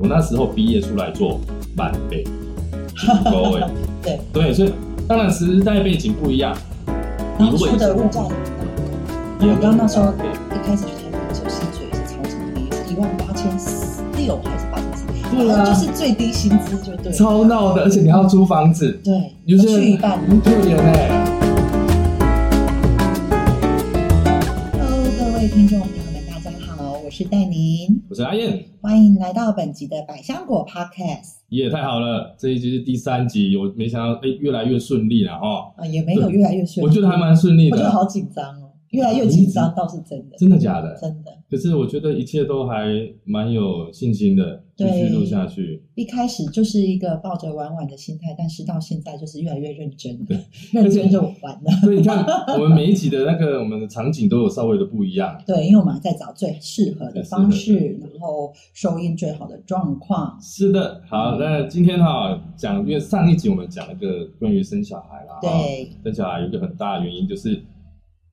我那時候畢業出來做滿背，各 對對，所以當然時代背景不一樣。當出的物價，也、嗯、剛那時候一開始去台灣的時候，薪水也是超級低的，是一萬八千六還是八千？對啊，然後就是最低薪資就對。超鬧的，而且你要租房子，對，就是去一半六年哎。阿雁，歡迎來到本集的百香果 Podcast。也、yeah，太好了，這一集是第三集，我沒想到，哎，越來越順利了哈。啊，也沒有越來越順利，我覺得還蠻順利的，我覺得好緊張哦。越來越緊張、啊、倒是真的，真的假的？真的。可是我覺得一切都還蠻有信心的，繼續錄下去。一開始就是一個抱着玩玩的心態，但是到現在就是越來越認真的。對，認真就完了。所以你看，我們每一集的那個 我們的場景都有稍微的不一樣。對，因為我們還在找最適合的方式的，然後收音最好的狀況。是的，好，那今天哈講，因為上一集我們講了一個關於生小孩啦，對，生小孩有一個很大的原因就是。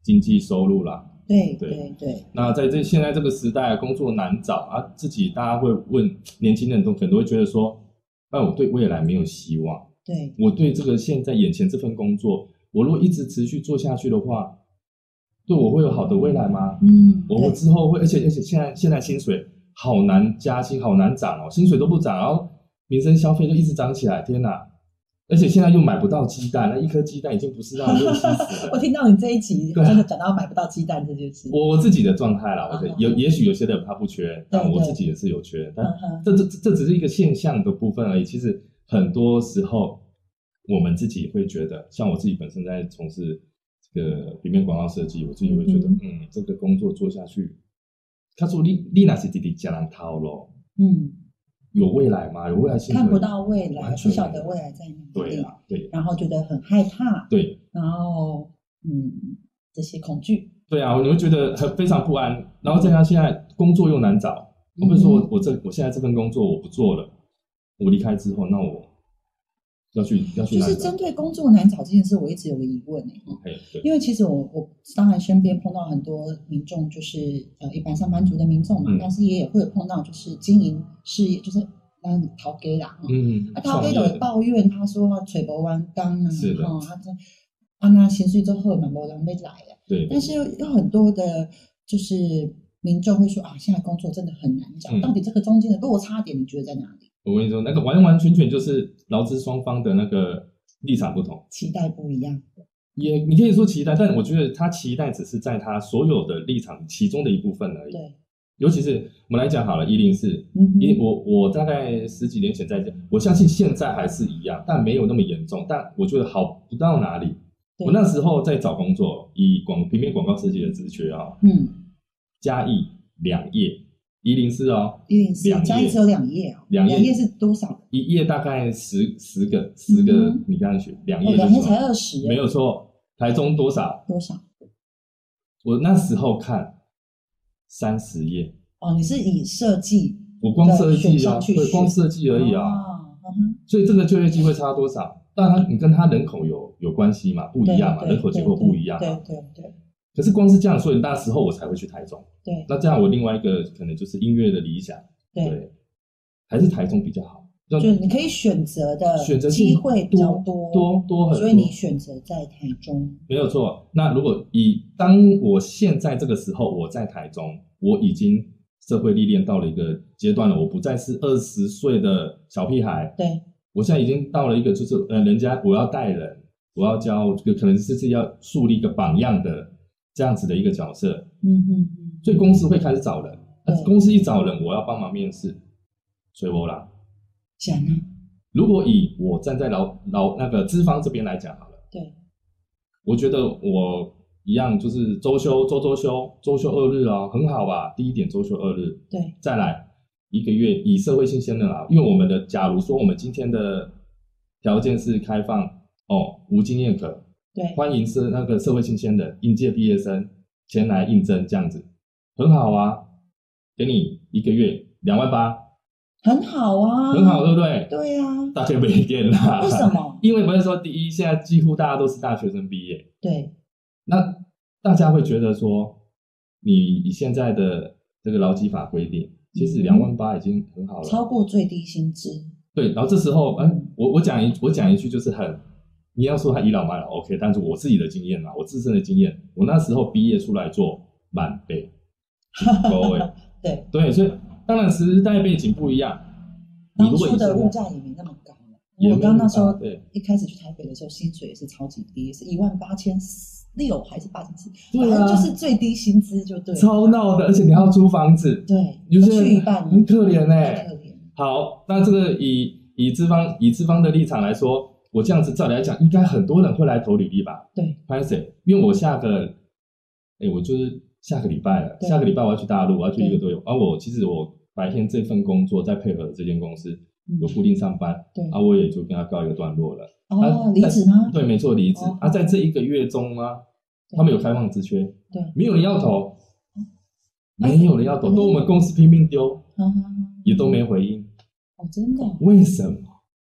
經濟收入啦，對對，對對對。那在這現在這個時代、啊，工作難找啊，自己大家會問年輕人，都可能會覺得說，哎，我對未來沒有希望。對，我對這個現在眼前這份工作，我如果一直持續做下去的話，對我會有好的未來嗎？嗯，我會之後會，嗯、而且而且現在現在薪水好難加薪，好難漲哦，薪水都不漲，然後民生消費都一直漲起來，天哪！而且現在又買不到雞蛋，那一顆雞蛋已經不是那麼 我聽到你這一集，啊、我真的講到買不到雞蛋這件事。我，就是，我自己的狀態啦，嗯我覺得，嗯、有也許有些人他不，不缺，但我自己也是有缺。但這、嗯、這這只是一個現象的部分而已。其實很多時候我們自己會覺得，像我自己本身在從事這個平面廣告設計，我自己會覺得嗯嗯，嗯，這個工作做下去，他說麗麗娜是弟弟講套咯，嗯。有未來嗎？有未來有看不到未來，不曉得未來在哪裡。對啊，對，然後覺得很害怕。對，然後嗯，這些恐懼。對啊，你會覺得很非常不安。然後再加上現在工作又難找，我不是說，我我這我現在這份工作我不做了，我離開之後，那我要去要去。就是針對工作難找這件事，我一直有個疑問。因為其實我我當然身邊碰到很多民眾，就是呃一般上班族的民眾嘛，但是也也會有碰到就是經營事業就是。啊，頭家人啊，啊，頭家抱怨的，他說啊，找不完工啊，在、哦，啊，那薪水足好嘛，無人要來了、啊。對。但是有，有很多的，就是民眾會說啊，現在工作真的很難找。嗯、到底這個中間的落差點，你覺得在哪裡？我跟你說，那個完完全全就是勞資雙方的那個立場不同，期待不一樣。也，你可以說期待，但我覺得他期待只是在他所有的立場其中的一部分而已。對。尤其是我們來講好了，一零四，一我我大概十幾年前在這，我相信現在還是一樣，但沒有那麼嚴重，但我覺得好不到哪裡。我那時候在找工作，以廣平面廣告設計的職缺啊，嗯，嘉義兩頁一零四哦，一零四嘉義只有兩頁哦，兩頁是多少？一頁大概十十個十個，十個嗯、你剛剛學兩頁，兩頁、哦、才二十，沒有錯。台中多少？多少？我那時候看。三十頁哦，你是以設計，我光設計啊，對，光設計而已啊、哦，所以這個就業機會差多少？當然、嗯、他你跟他人口有有關係嘛，不一樣嘛，人口結構不一樣，對對對，對，對。可是光是這樣，所以那時候我才會去台中，對。那這樣我另外一個可能就是音樂的理想，對，對還是台中比較好。就是你可以選擇的機會比較多多多多很多，所以你選擇在台中沒有錯。那如果以當我現在這個時候我在台中，我已經社會歷練到了一個階段了，我不再是二十歲的小屁孩。對，我現在已經到了一個就是呃，人家我要帶人，我要教，就可能就是要樹立一個榜樣的這樣子的一個角色。嗯嗯嗯。所以公司會開始找人、啊，公司一找人，我要幫忙面試，所以我啦。想呢？如果以我站在老老那個資方這邊來講好了，對，我覺得我一樣就是周休，周周休，周休二日哦，很好吧、啊？第一點，周休二日，對，再來一個月以社會新鮮人啊，因為我們的假如說我們今天的條件是開放哦，無經驗可，對，歡迎是那個社會新鮮人應屆畢業生前來應徵，這樣子很好啊，給你一個月兩萬八。很好啊，很好，對不對？對啊，大學沒變啦。為、啊、什麼？ 因為不是說第一，現在幾乎大家都是大學生畢業。對，那大家會覺得說，你現在的這個勞基法規定，其實兩萬八已經很好了，嗯、超過最低薪資。對，然後這時候，嗯，我我講一我講一句，就是很你要說他倚老賣老，OK，但是我自己的經驗啊，我自身的經驗，我那時候畢業出來做滿倍，各位， 對對，所以。當然，時代背景不一樣，當初的物價也、啊、也沒那麼高。我剛剛那時候，一開始去台北的時候，薪水也是超級低，是一萬八千六還是八千、啊？反正就是最低薪資就對了。超鬧的，而且你還要租房子。對，就是很可憐哎。好，那這個以以資方以資方的立場來說，我這樣子照理來講，應該很多人會來投履歷吧？對，潘 Sir，因為我下個，哎、欸，我就是。下個禮拜了，下個禮拜我要去大陸，我要去一個多月。而、啊、我其實我白天這份工作，再配合這間公司有、嗯、固定上班，對，而、啊、我也就跟他告一個段落了。哦，啊、離職嗎？對，沒錯，離職，哦。啊，在這一個月中啊，他們有開放職缺，對，沒有人要投，沒有人要投，都我們公司拼命丟，嗯，也都沒回應哦，真的？為什麼？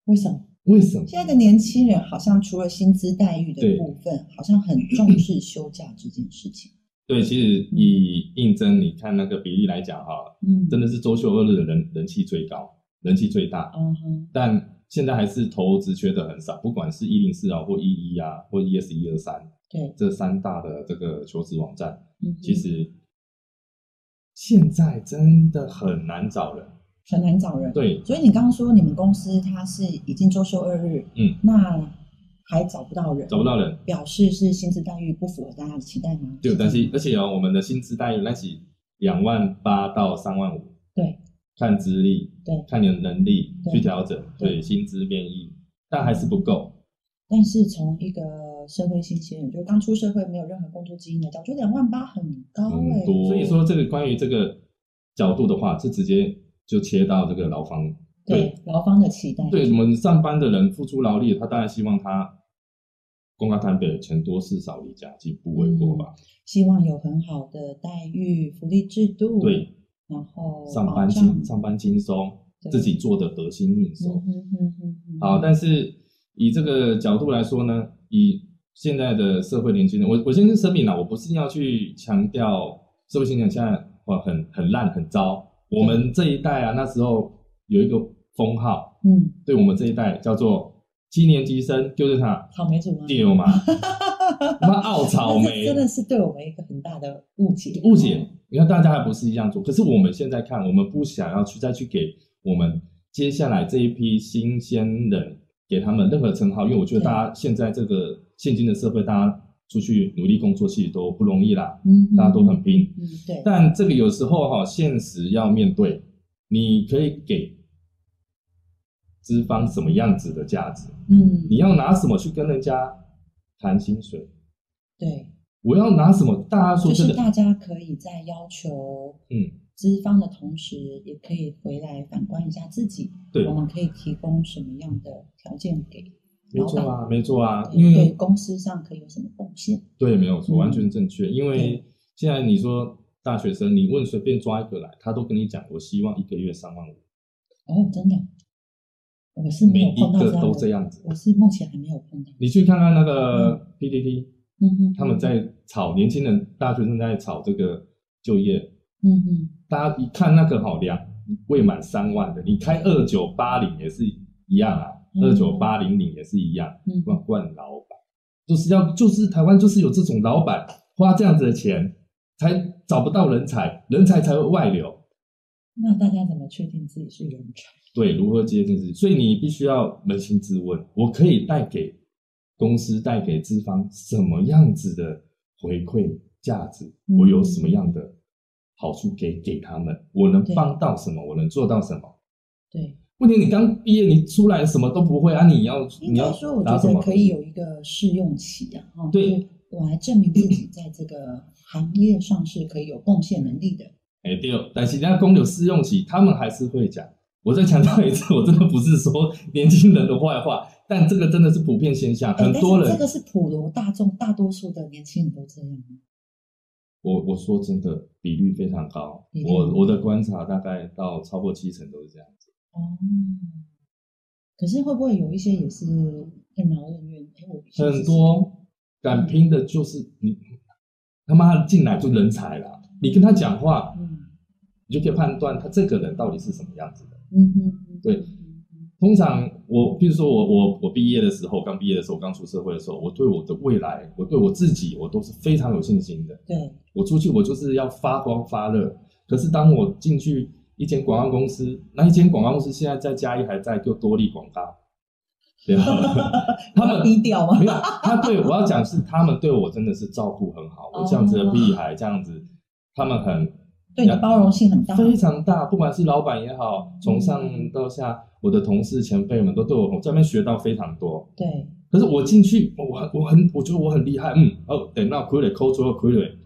為什麼？為什麼？現在的年輕人好像除了薪資待遇的部分，好像很重視休假這件事情。咳咳對，其實以應徵，你看那個比例來講，哈，嗯，真的是周休二日的人人氣最高，人氣最大。嗯哼。但現在還是投資缺的很少，不管是一零四啊，或一一啊，或 yes123，對，這三大的這個求職網站，嗯，其實現在真的很難找人，很難找人。對，所以你剛剛說你們公司它是已經周休二日，嗯，那。還找不到人，找不到人，表示是薪資待遇不符合大家的期待嗎？對，但是而且哦，我們的薪資待遇那是兩萬八到三萬五，對，看資歷，對，看你的能力去調整，對，對薪資面議，但還是不夠、嗯。但是從一個社會新鮮人，就是剛出社會沒有任何工作經驗的角度，兩萬八很高哎、欸嗯。所以說這個關於這個角度的話，是直接就切到這個勞方對,對勞方的期待，對我們上班的人付出勞力，他當然希望他。公高探底，錢多事少離家近，其實不為過吧、嗯？希望有很好的待遇、福利制度。對，然後上班輕、啊，上班輕鬆，自己做的得，得心應手。嗯哼嗯哼嗯。好，但是以這個角度來說呢，以現在的社會年輕人，我我先聲明了，我不是要去強調社會現象，現在哇很很爛很糟。我們這一代啊，那時候有一個封號，嗯，對我們這一代叫做。七年級生就是他，草莓主嗎？丟嘛，他 拗草莓 真，真的是對我們一個很大的誤解。誤解，你看大家還不是一樣做，可是我們現在看，我們不想要去再去給我們接下來這一批新鮮人給他們任何稱號，因為我覺得大家現在這個現今的社會，大家出去努力工作其實都不容易啦，嗯，大家都很拼，嗯，對。但這個有時候哈、啊，現實要面對，你可以給。資方什麼樣子的價值？嗯，你要拿什麼去跟人家談薪水？對，我要拿什麼？大家說，就是大家可以在要求嗯資方的同時，也可以回來反觀一下自己，對、嗯，我們可以提供什麼樣的條件給老闆？沒錯啊，沒錯啊，因為公司上可以有什麼貢獻？對，沒有錯，完全正確。嗯、因為現在你說大學生，你問隨便抓一個來，他都跟你講，我希望一個月三萬五。哦，真的？我是每一個都這樣子，我是目前還沒有碰到。你去看看那個 PTT 嗯嗯，他們在炒、嗯、年輕人、大學生在炒這個就業，嗯嗯，大家一看那個好涼，未滿三萬的，你開二九八零也是一樣啊，二九八零零也是一樣，慣、嗯、慣老闆就是要，就是台灣就是有這種老闆花這樣子的錢才找不到人才，人才才會外流。那大家怎麼確定自己是人才？對，如何界定自己？所以你必須要捫心自問：我可以帶給公司、帶給資方什麼樣子的回饋價值？嗯、我有什麼樣的好處給給他們？我能幫到什麼？我能做到什麼？對，問題你剛畢業，你出來什麼都不會啊！你要，應該說我覺得可以有一個試用期啊，期啊對，哦，就是、我來證明自己在這個行業上是可以有貢獻能力的。哎、欸，對，但是人家公牛試用期，他們還是會講。我再強調一次，我真的不是說年輕人的壞話，但這個真的是普遍現象，欸、很多人、欸、這個是普羅大眾，大多數的年輕人都這樣。我我說真的，比率非常高。嗯、我我的觀察大概到超過七成都是這樣子。哦、嗯，可是會不會有一些也是任勞任怨？哎、欸，我很多敢拼的就是你他媽進來就人才了，你跟他講話。嗯你就可以判斷他這個人到底是什麼樣子的。嗯哼，嗯哼，對。通常我，比如說我，我，我畢業的時候，剛畢業的時候，我剛出社會的時候，我對我的未來，我對我自己，我都是非常有信心的。對，我出去，我就是要發光發熱。可是當我進去一間廣告公司，那一間廣告公司現在在嘉義還在就多利廣告， 對吧 他們低調啊， 沒有他對我要講是 他們對我真的是照顧很好。 我這樣子的屁孩，這樣子，他們很。對，你的包容性很大，非常大。不管是老闆也好，從上到下，我的同事、前輩們都對我，我在外面學到非常多。對，可是我進去，我我很，我覺得我很厲害。嗯，哦，等到傀儡摳出了傀儡，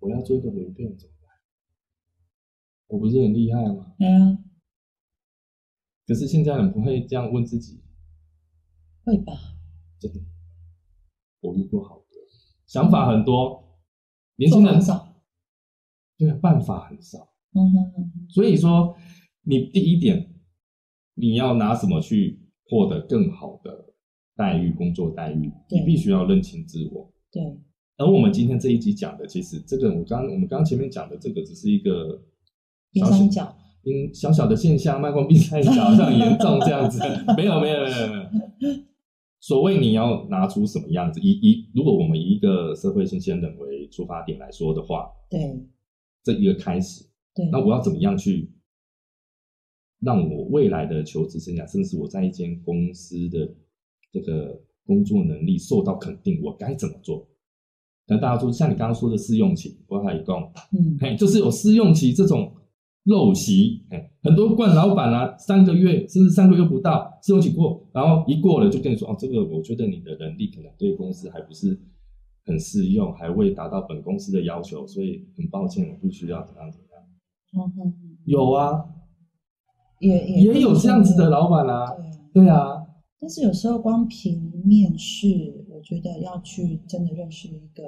我要做一個店怎麼辦？我不是很厲害嗎？對啊。可是現在你不會這樣問自己？會吧。真的，我遇過好多、嗯，想法很多，年輕人很少。對，辦法很少。嗯哼嗯哼。所以說，你第一點，你要拿什麼去獲得更好的待遇、工作待遇？嗯、你必須要認清自我。對。而我們今天這一集講的，其實這個，我剛我們剛前面講的這個，只是一個小小冰山一角、嗯，小小的現象，賣光冰山一角這樣嚴重這樣子？ 沒有，沒有，沒有，沒有。 所謂你要拿出什麼樣子？以以，如果我們以一個社會新鮮人為出發點來說的話，對。這一個開始，對，那我要怎麼樣去讓我未來的求職生涯，甚至我在一間公司的這個工作能力受到肯定？我該怎麼做？那大家都說，像你剛剛說的試用期，我跟你講，嗯，嘿，就是有試用期這種陋習，很多慣老闆啊，三個月甚至三個月不到試用期過，然後一過了就跟你說哦，這個我覺得你的能力可能對公司還不是。很適用，還未達到本公司的要求，所以很抱歉，我必須要怎樣怎樣。嗯、有啊，也，也，也有這樣子的老闆啊對。對啊。但是有時候光憑面試，我覺得要去真的認識一個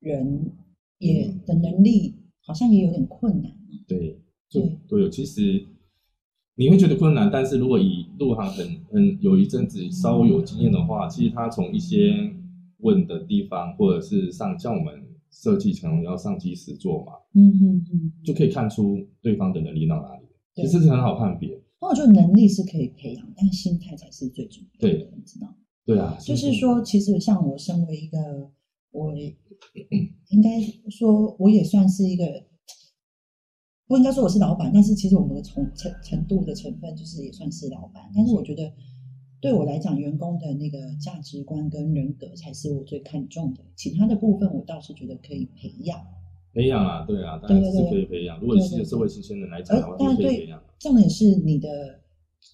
人，嗯、也的能力好像也有點困難。對對對，對、啊，其實你會覺得困難，但是如果以入行很，很有一陣子稍微有經驗的話、嗯，其實他從一些。問的地方，或者是上像我們設計成要上機實做嘛，嗯哼嗯嗯，就可以看出對方的能力到哪裡，其實是很好判別。那我覺得能力是可以培養，但心態才是最重要的，對，對啊，就是說謝謝，其實像我身為一個，我應該說我也算是一個，不應該說我是老板，但是其實我們的程程度的成分就是也算是老板，是但是我覺得。對我來講，員工的那個價值觀跟人格才是我最看重的，其他的部分我倒是覺得可以培養。培養啊，對啊，當然是可以培養。對對，如果你是社會新鮮人來講的話，當然可以培養。重點是你的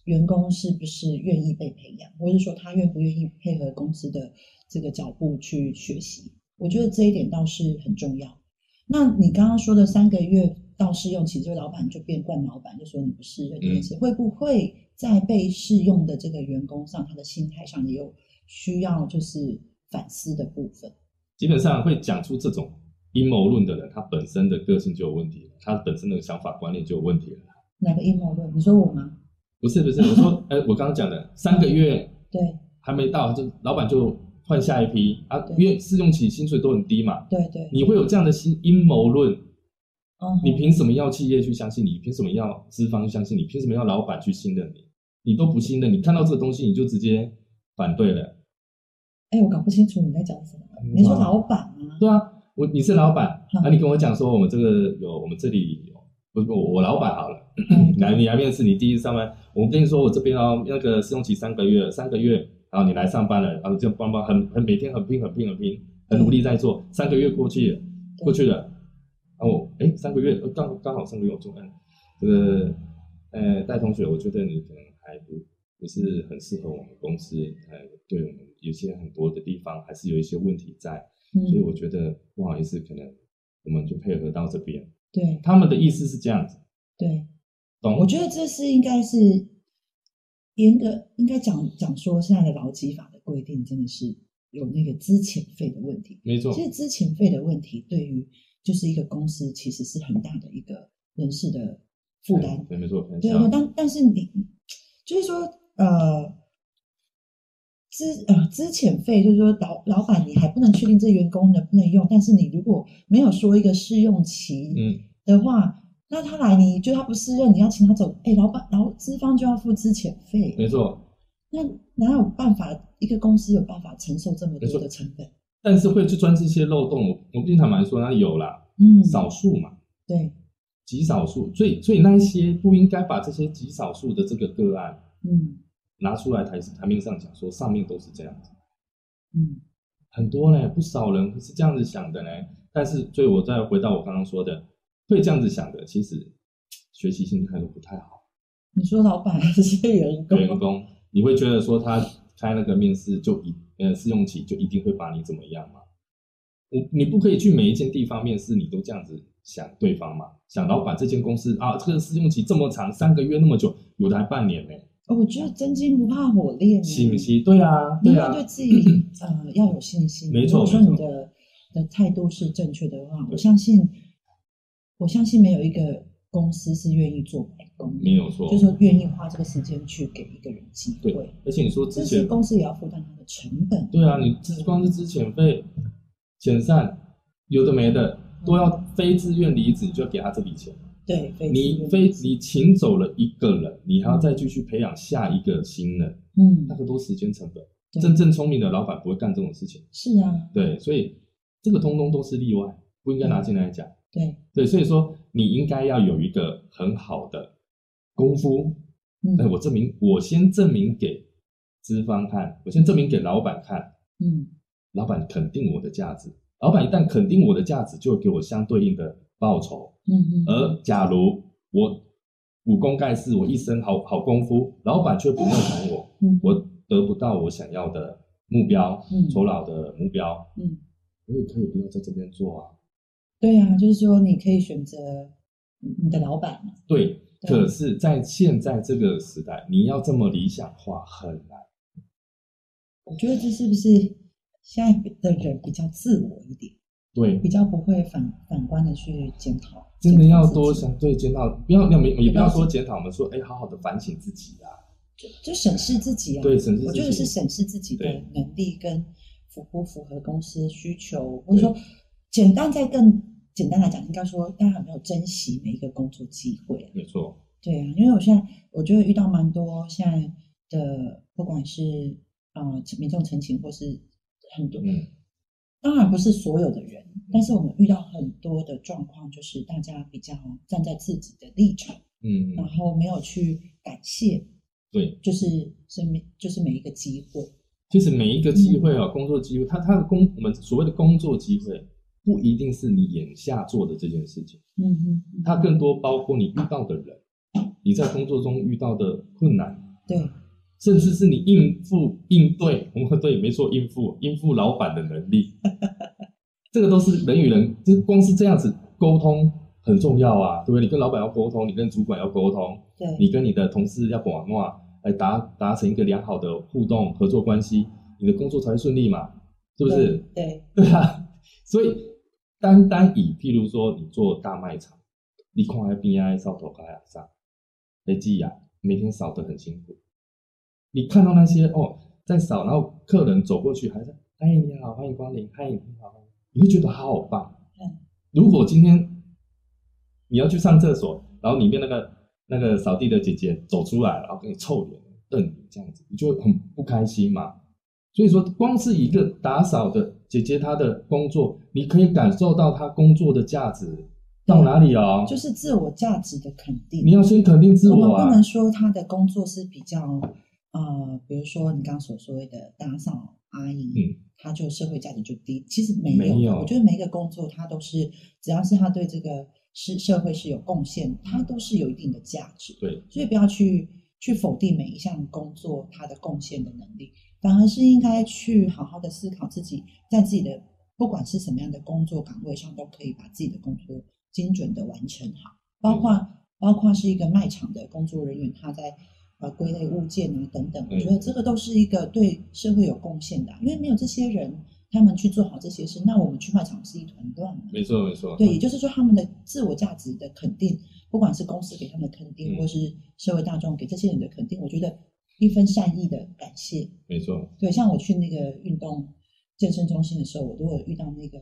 員工是不是願意被培養，或者說他願不願意配合公司的這個腳步去學習？我覺得這一點倒是很重要。那你剛剛說的三個月到試用期，這個老闆就變慣老闆，就說你不是，這、嗯、會不會？在被試用的這個員工上，他的心態上也有需要就是反思的部分。基本上會講出這種陰謀論的人，他本身的個性就有問題，他本身的想法觀念就有問題了。哪個陰謀論？你說我嗎？不是不是， 我說，欸，我剛剛講的三個月，對，還沒到就老板就換下一批啊，因為試用期薪水都很低嘛，對對，你會有這樣的心陰謀論？你憑什麼要企業去相信你？憑什麼要資方去相信你？憑什麼要老板去信任你？你都不信任，你看到這個東西你就直接反對了。哎，我搞不清楚你在講什麼。嗯、你說老板啊？對啊，我你是老板，嗯啊，啊，你跟我講說我們這個有我們這裡有不是我我老板好了，嗯、 你來你來面試，你第一次上班，我跟你說我這邊哦那個試用期三個月，三個月，然後你來上班了，然後就幫幫，很很每天很拼很拼很拼，很努力在做，嗯、三個月過去了，過去了。哎，三個月，剛剛好三個月有重案。這個，呃，戴同學，我覺得你可能還不不是很適合我們公司，呃，對我們有些很多的地方還是有一些問題在，嗯，所以我覺得不好意思，可能我們就配合到這邊。對，他們的意思是這樣子。對，懂？我覺得這是應該是嚴格應該講講說現在的勞基法的規定，真的是有那個資遣費的問題。沒錯，其實資遣費的問題對於。就是一個公司其實是很大的一個人事的負擔。對，沒錯。對，但但是你就是說，呃，資呃資遣費，就是說老老闆你還不能確定這員工能不能用，但是你如果沒有說一個試用期的話，嗯，那他來你就他不適用，你要請他走，哎，老闆，然後資方就要付資遣費。沒錯。那哪有辦法？一個公司有辦法承受這麼多的成本？但是會去鑽這些漏洞，我我跟他們來說，那有啦，嗯，少數嘛，對，極少數，所以所以那一些不應該把這些極少數的這個個案，嗯，拿出來台台面上講，說上面都是這樣子，嗯，很多嘞，不少人是這樣子想的嘞。但是，所以我再回到我剛剛說的，會這樣子想的，其實學習心態都不太好。你說老板還是員工？員工，你會覺得說他開那個面試就一定。試用期就一定會把你怎麼樣嗎？我你不可以去每一間地方面試，你都這樣子想對方嗎？想老闆這間公司啊，這個試用期這麼長，三個月那麼久，有的還半年呢、哦。我覺得真金不怕火煉。是不是，對啊，你要對自己咳咳呃要有信心。沒錯，如果說你的的態度是正確的話，我相信，我相信沒有一個公司是願意做。沒有錯，就是說願意花這個時間去給一個人機會，對，而且你說之前公司也要負擔他的成本，對啊，你其實公司之前被遣散，有的沒的，都要非自願離職，就要給他這筆錢，嗯、對非，你非你請走了一個人，你還要再繼續培養下一個新人，嗯，那很、個、多時間成本，真正聰明的老闆不會幹這種事情，是啊，對，所以這個通通都是例外，不應該拿進來講、嗯，對，對，所以說你應該要有一個很好的。功夫，嗯、我證明，我先證明給資方看，我先證明給老闆看，嗯，老闆肯定我的價值，老闆一旦肯定我的價值，就會給我相對應的報酬，嗯，而假如我武功蓋世，我一身好好功夫，老闆卻不認同我，嗯，我得不到我想要的目標，嗯、酬勞的目標，嗯，我也可以不要在這邊做啊。對啊，就是說你可以選擇你的老闆嘛，對。可是，在現在這個時代，你要這麼理想化很難。我覺得這是不是現在的人比較自我一點？對，比較不會反反觀的去檢討。真的要多想，檢對檢討，不要、不、嗯、要、也不要說檢討，我們說哎，好好的反省自己啊，就就審視自己啊。對，對審視。我覺得是審視自己的能力跟符不符合公司需求。或者說，簡單再更。簡單來講，應該說大家還沒有珍惜每一個工作機會。沒錯。對啊，因為我現在我覺得遇到蠻多現在的，不管是呃民眾陳情，或是很多人、嗯，當然不是所有的人，但是我們遇到很多的狀況，就是大家比較站在自己的立場，嗯，然後沒有去感謝、就是，對，就是是每就是每一個機會，就是每一個機會啊、嗯，工作機會，他他的工我們所謂的工作機會。不一定是你眼下做的這件事情，嗯哼，它更多包括你遇到的人，你在工作中遇到的困難，對，甚至是你應付應對，我們對，沒錯，應付應付老板的能力， 這個都是人與人，就是、光是這樣子溝通很重要啊，對不對？你跟老板要溝通，你跟主管要溝通，對，你跟你的同事要講話，來達達成一個良好的互動合作關係，你的工作才會順利嘛，是不是？對，對，對啊，所以。單單以，譬如說，你做大賣場，你看 b i 掃頭、掃牙刷、累計呀，每天掃得很辛苦。你看到那些哦，在掃，然後客人走過去，還是“歡迎你好，歡迎光臨，歡迎你好”，你會覺得好好棒。如果今天你要去上廁所，然後裡面那個那個掃地的姐姐走出來，然後跟你臭臉瞪你這樣子，你就會很不開心嘛。所以說，光是一個打掃的。姐姐她的工作，你可以感受到她工作的價值、嗯、到哪裡哦？就是自我價值的肯定。你要先肯定自我啊！我、啊、們不能說她的工作是比較呃，比如說你剛剛所說的打掃阿姨，她、嗯、就社會價值就低。其實沒有，沒有，我覺得每一個工作，它都是只要是她對這個是社會是有貢獻，它、嗯、都是有一定的價值。對，所以不要去。去否定每一項工作他的貢獻的能力，反而是應該去好好的思考自己在自己的不管是什麼樣的工作崗位上，都可以把自己的工作精準的完成好。包括包括是一個賣場的工作人員，他在呃歸類物件啊等等，我覺得這個都是一個對社會有貢獻的啊。因為沒有這些人，他們去做好這些事，那我們去賣場是一團亂。沒錯，沒錯。對，也就是說他們的自我價值的肯定。不管是公司給他們的肯定、嗯，或是社會大眾給這些人的肯定，我覺得一份善意的感謝，沒錯。對，像我去那個運動健身中心的時候，我都會遇到那個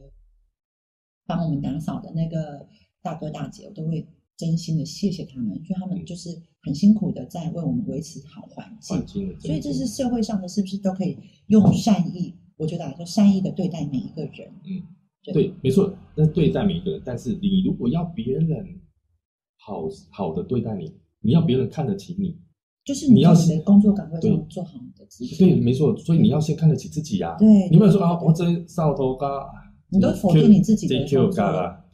幫我們打掃的那個大哥大姐，我都會真心的謝謝他們，因為他們就是很辛苦的在為我們維持好環境、嗯。所以這是社會上的，是不是都可以用善意？嗯、我覺得來說，善意的對待每一個人，嗯對，對，沒錯。那對待每一個人，但是你如果要別人。好好的對待你，你要別人看得起你，就是你要工作崗位做做好你的自己。對，沒錯，所以你要先看得起自己啊，對，你不要說啊，我這掃拖噶，你都否定你自己的工作。JQ 噶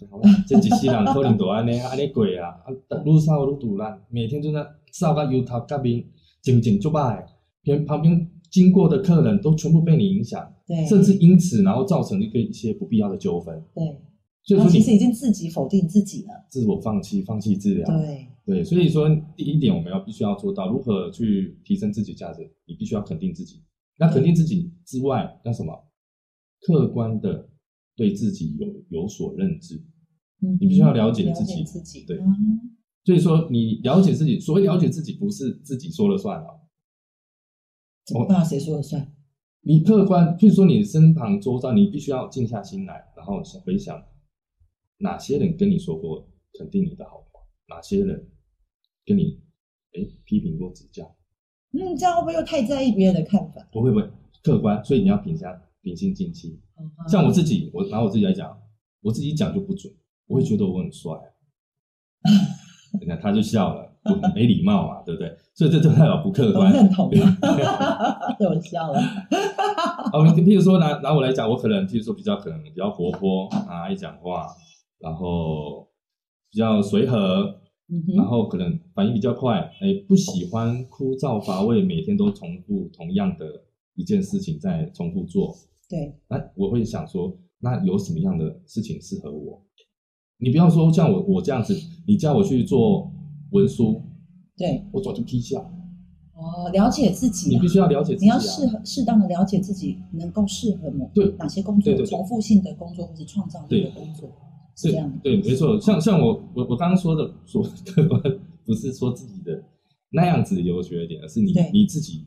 這一 世人可能都安呢，安尼貴啊，啊，路上都堵了，每天都在掃個油頭垢面，隔壁整整招牌，連旁邊經過的客人都全部被你影響，對，甚至因此然後造成一個一些不必要的糾紛，對。所以說你其實已經自己否定自己了。自我放棄，放棄治療。對對，所以說第一點我們要必須要做到如何去提升自己價值，你必須要肯定自己。那肯定自己之外，那、嗯、什麼？客觀的對自己有有所認知。嗯。你必須要了解自己。了解自己。對、嗯。所以說你了解自己，所謂了解自己不是自己說了算啊。那、啊、誰說了算？Oh, 你客觀，譬如說你身旁周遭，你必須要靜下心來，然後想回想。哪些人跟你說過肯定你的好話？哪些人跟你、欸、批評過、指教？嗯，這樣會不會又太在意別人的看法？不會不會，客觀。所以你要平心平心靜氣。像我自己，我拿我自己來講，我自己講就不準。我會覺得我很帥，你 看他就笑了，沒禮貌嘛，對不對？所以這就，就代表不客觀了。認同。哈 對我笑了。啊、 哦，你譬如說拿拿我來講，我可能譬如說比較可能比較活潑啊，愛講話。然後比較隨和、嗯，然後可能反應比較快。哎，不喜歡枯燥乏味，每天都重複同樣的一件事情在重複做。對，哎，我會想說，那有什麼樣的事情適合我？你不要說像我我這樣子，你叫我去做文書，對我早就批下。哦，了解自己，你必須要了解自己、啊，你要適合適當的了解自己能夠適合某，對，哪些工作，重複性的工作或者創造性的工作。是這樣，對，對，沒錯。像像我我我剛剛說的，說對不是說自己的那樣子的優缺點，而是你你自己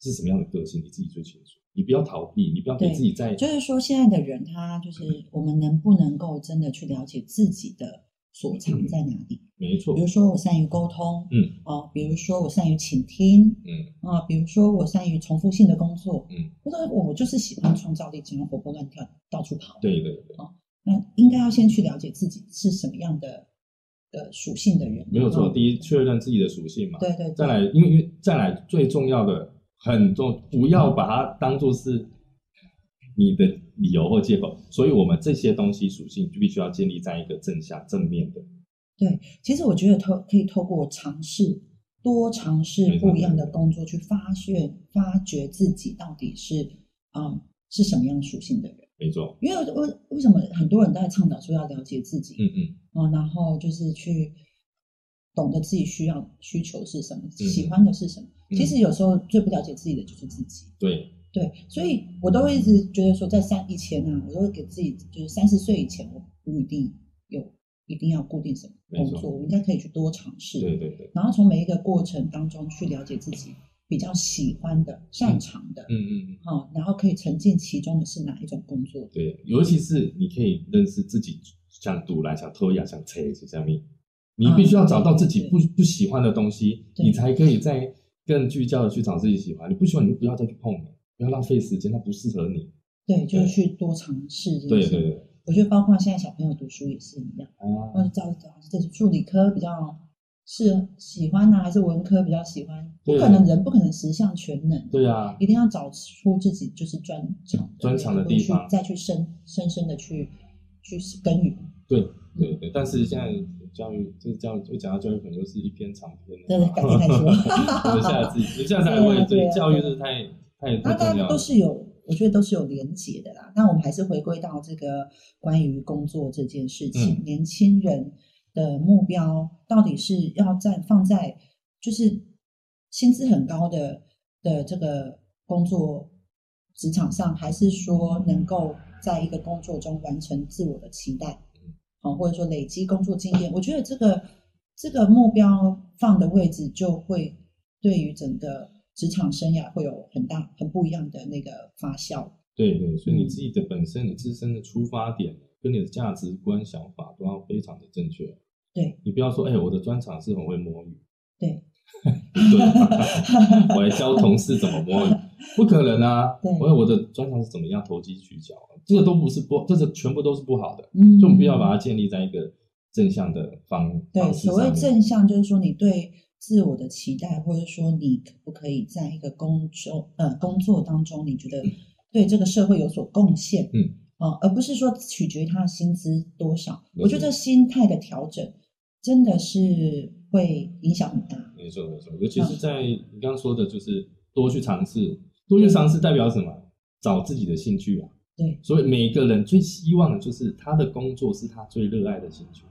是什麼樣的個性，你自己最清楚。你不要逃避，你不要給自己在。就是說，現在的人他就是我們能不能夠真的去了解自己的所長在哪裡？嗯、沒錯。比如說我善於溝通，嗯啊、哦；比如說我善於傾聽，嗯啊、哦；比如說我善於重複性的工作，嗯。或者我，我就是喜歡創造力，只能活蹦亂跳，到處跑。對對對、哦那應該要先去了解自己是什麼樣的的屬性的人，嗯、沒有錯。第一，確認自己的屬性嘛，對對、對。再來，因為因為再來最重要的，很重，不要把它當做是你的理由或借口。嗯、所以，我們這些東西屬性就必須要建立在一個正向、正面的。對，其實我覺得透可以透過嘗試，多嘗試不一樣的工作，去發現、發掘自己到底是啊、嗯、是什麼樣屬性的人。沒錯，因為為為什麼很多人都在倡導說要了解自己，嗯嗯，然後就是去懂得自己需要需求是什麼、嗯，喜歡的是什麼、嗯。其實有時候最不了解自己的就是自己，對對，所以我都會一直覺得說，在三以前啊，我都會給自己就是三十歲以前，我不一定有，一定要固定什麼工作，我應該可以去多嘗試，對對對，然後從每一個過程當中去了解自己。嗯比較喜歡的、擅長的，嗯嗯嗯、哦，然後可以沉浸其中的是哪一種工作？對，尤其是你可以認識自己，想賭來，想偷呀，想拆，就這樣你必須要找到自己不、嗯、對對對對不喜歡的東西，你才可以再更聚焦的去找自己喜歡。你不喜歡，你就不要再去碰了，不要浪費時間，它不適合你。對，就是去多嘗試。對對對、對。我覺得包括現在小朋友讀書也是一樣啊，或是找一個數理科比較。是喜歡吶、啊，還是文科比較喜歡？不可能人，人、啊、不可能十項全能。對啊，一定要找出自己就是專長、專長、啊、的地方，去再去深、深深的去去耕耘。對對對、嗯，但是現在教育就這樣，一講到教育，可能又是一篇長篇、啊。對， 對感多，太不下自太多、啊啊。對，教育是太、啊、太重要了。那大家都是有，我覺得都是有連結的啦。那我們還是回歸到這個關於工作這件事情，嗯、年輕人。的目標到底是要在放在就是薪資很高的的這個工作職場上，還是說能夠在一個工作中完成自我的期待，啊，或者說累積工作經驗？我覺得這個這個目標放的位置，就會對於整個職場生涯會有很大很不一樣的那個發酵。對對，所以你自己的本身你自身的出發點，跟你的價值觀、想法都要非常的正確。對，你不要說，哎，我的專長是很會摸魚。對， 對啊、 我教同事怎麼摸魚，不可能啊！因為我，我的專長是怎麼樣投機取巧，這個都不是不，這是、個、全部都是不好的。嗯，就沒必要把它建立在一個正向的方。嗯、方面對，所謂正向，就是說你對自我的期待，或者說你可不可以在一個工作呃工作當中，你覺得對這個社會有所貢獻？嗯。啊、哦，而不是說取決於他的薪資多少，我覺得這心態的調整真的是會影響很大。沒錯，沒錯，尤其是在你剛剛說的，就是多去嘗試，多去嘗試代表什麼？嗯、找自己的興趣啊。對。所以每一個人最希望的就是他的工作是他最熱愛的興趣，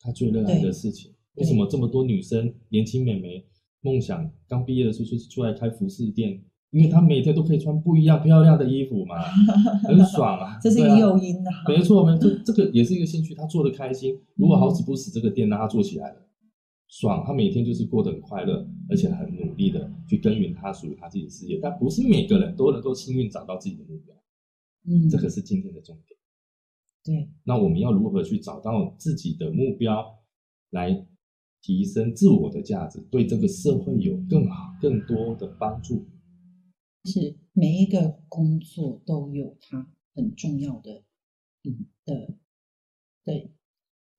他最熱愛的事情。為什麼這麼多女生、年輕美眉夢想剛畢業的時候出出來開服飾店？因為他每天都可以穿不一樣漂亮的衣服嘛，很爽啊！ 這是一個誘因啊，沒錯，沒錯，我們這個也是一個興趣，他做的開心。如果好死不死這個店讓他做起來了，嗯，爽，他每天就是過得很快樂，而且很努力的去耕耘他屬於他自己的事業。但不是每個人，人都能夠幸運找到自己的目標，嗯，這個是今天的重點。對，那我們要如何去找到自己的目標，來提升自我的價值，對這個社會有更好、嗯、更多的幫助。是每一個工作都有它很重要的，嗯的，對，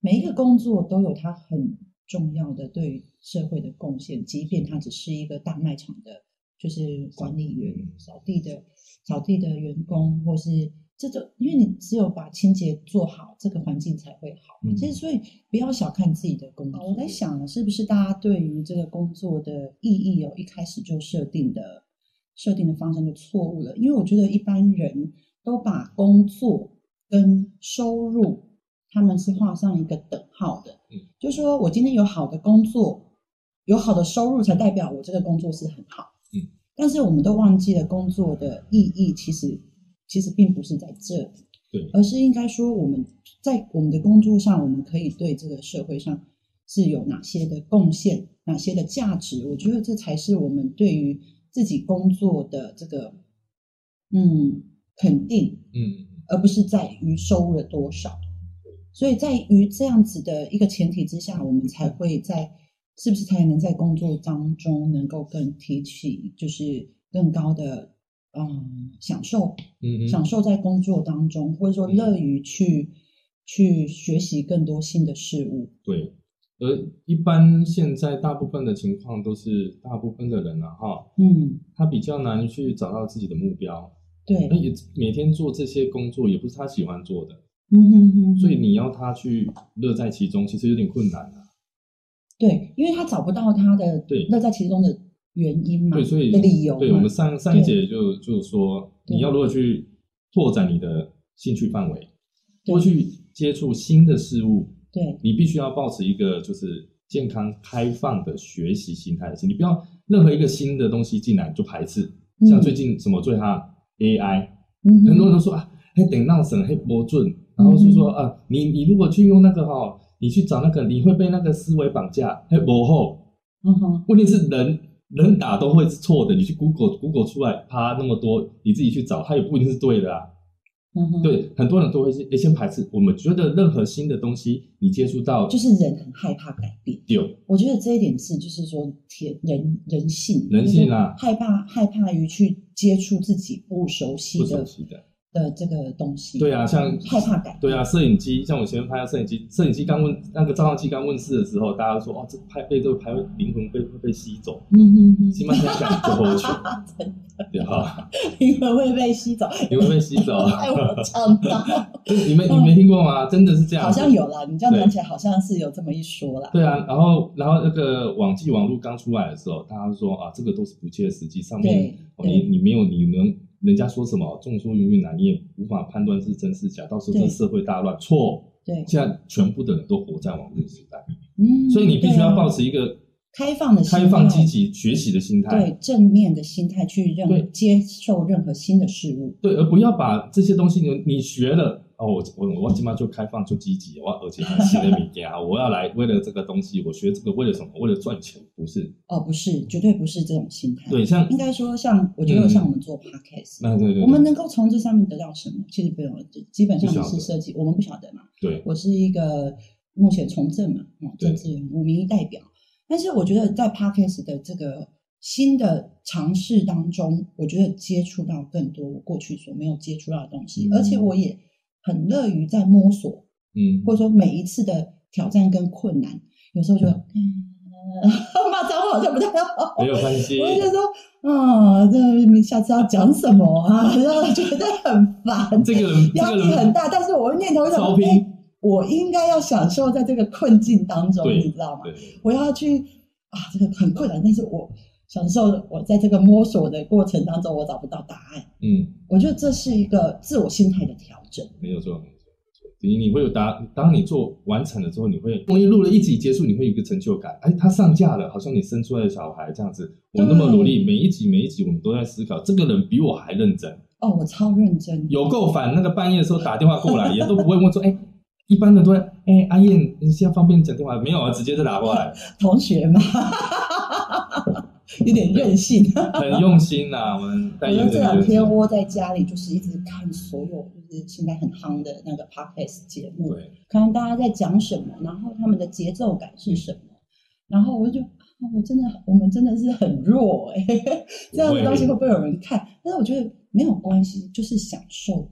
每一個工作都有它很重要的對社會的貢獻，即便他只是一個大賣場的，就是管理員、掃地的、嗯、掃地的員工，或是這種，因為你只有把清潔做好，這個環境才會好。其實，所以不要小看自己的工作、嗯。我在想，是不是大家對於這個工作的意義哦，一開始就設定的。設定的方向就錯誤了，因為我覺得一般人都把工作跟收入，他們是畫上一個等號的。嗯，就是說我今天有好的工作，有好的收入，才代表我這個工作是很好。嗯，但是我們都忘記了工作的意義，其實其實並不是在這裡，對，而是應該說我們在我們的工作上，我們可以對這個社會上是有哪些的貢獻，哪些的價值，我覺得這才是我們對於。自己工作的這個，嗯，肯定，嗯，而不是在於收入了多少。所以在於這樣子的一個前提之下，嗯、我們才會在是不是才能在工作當中能夠更提起，就是更高的，嗯，享受，嗯，嗯，享受在工作當中，或者說樂於去、嗯、去學習更多新的事物。對。而一般現在大部分的情況都是大部分的人了、啊、哈，嗯，他比較難去找到自己的目標，對，也每天做這些工作也不是他喜歡做的，嗯哼哼哼，所以你要他去樂在其中，其實有點困難啊，對，因為他找不到他的對樂在其中的原因嘛，對，對，所以理由，對，我們上上一節就就說，你要如何去拓展你的興趣範圍，多去接觸新的事物。對，你必須要保持一個就是健康開放的學習心態的心，你不要任何一個新的東西進來就排斥。像最近什麼最夯、嗯、AI、嗯、很多人都說啊，嘿，等那什，嘿，波頓，然後是說，說、嗯、啊，你你如果去用那個哈、那個，你去找那個，你會被那個思維綁架，嘿，博後。嗯哼，問題是人人打都會是錯的，你去 Google Google 出來，啪那麼多，你自己去找，它也不一定是對的啊。嗯， 對，很多人都會是先排斥。我們覺得任何新的東西，你接觸到，就是人很害怕改變。對，我覺得這一點是，就是說，天人人性，人性啦，就是、害怕害怕於去接觸自己不熟悉的。不熟悉的的這個東西，對啊，像害怕，怕感，對啊，攝影機，像我前面拍的攝影機，攝影機剛問、那個、照相機剛問世的時候，大家都說哦，這個、拍被這個拍靈魂被被被吸走，嗯吸滿天下去， 對哈，靈 魂會被吸走，靈 魂被吸走，哎，我 操， 你們你們聽過嗎？ 真的是這樣？好像有啦，你這樣講起來好像是有這麼一說了。對啊，然後然後那個網際網路剛出來的時候，大家都說啊，這個都是不切實際，上面你你沒有你能。人家說什麼“眾說云云難”，你也無法判斷是真是假，到時候這社會大亂。錯，對，現在全部的人都活在網絡時代，嗯，所以你必須要保持一個開放的心態、開放、積極學習的心態，對，對正面的心態去認接受任何新的事物，對，而不要把這些東西你你學了。哦，我我我最起碼就開放就積極，我而且還新的理念啊！ 我要來為了這個東西，我學這個為了什麼？為了賺錢？不是哦，不是，絕對不是這種心態。對，像應該說，像我覺得像我們做 podcast、嗯、那對，對對，我們能夠從這上面得到什麼？其實不用了，就基本上是設計，我們不曉得嘛。對，我是一個目前從政嘛，嗯，政治人，民意代表。但是我覺得在 podcast 的這個新的嘗試當中，我覺得接觸到更多我過去所沒有接觸到的東西，嗯、而且我也。很樂於在摸索，嗯，或者說每一次的挑戰跟困難，有時候就嗯罵髒話好像不太好。沒有關係。我就說，啊，這你下次要講什麼啊？然 後覺得很煩，這個壓力、這個、很大。但是我的念頭一種，哎、欸，我應該要享受在這個困境當中，你知道嗎？對，我要去，啊，這個很困難，但是我享受我在這個摸索的過程當中，我找不到答案。嗯，我覺得這是一個自我心態的調。沒有錯，你你會有答，當你做完成了之後，你會終於錄了一集結束，你會有一個成就感。哎，他上架了，好像你生出來的小孩這樣子。我那麼努力，每一集每一集我們都在思考，這個人比我還認真。哦，我超認真，有夠煩。那個半夜的時候打電話過來， 也都不會問說，哎，一般人都在哎阿燕你現在方便講電話沒有啊，我直接就打過來。同學嘛 有點任性，很用心吶、啊。我們我覺得這兩天窩在家裡，就是一直看所有就是現在很夯的那個 Podcast 節目，看大家在講什麼，然後他們的節奏感是什麼。嗯、然後我就、啊，我真的，我們真的是很弱哎、欸。這樣子東西會不會有人看？但是我覺得沒有關係，就是享受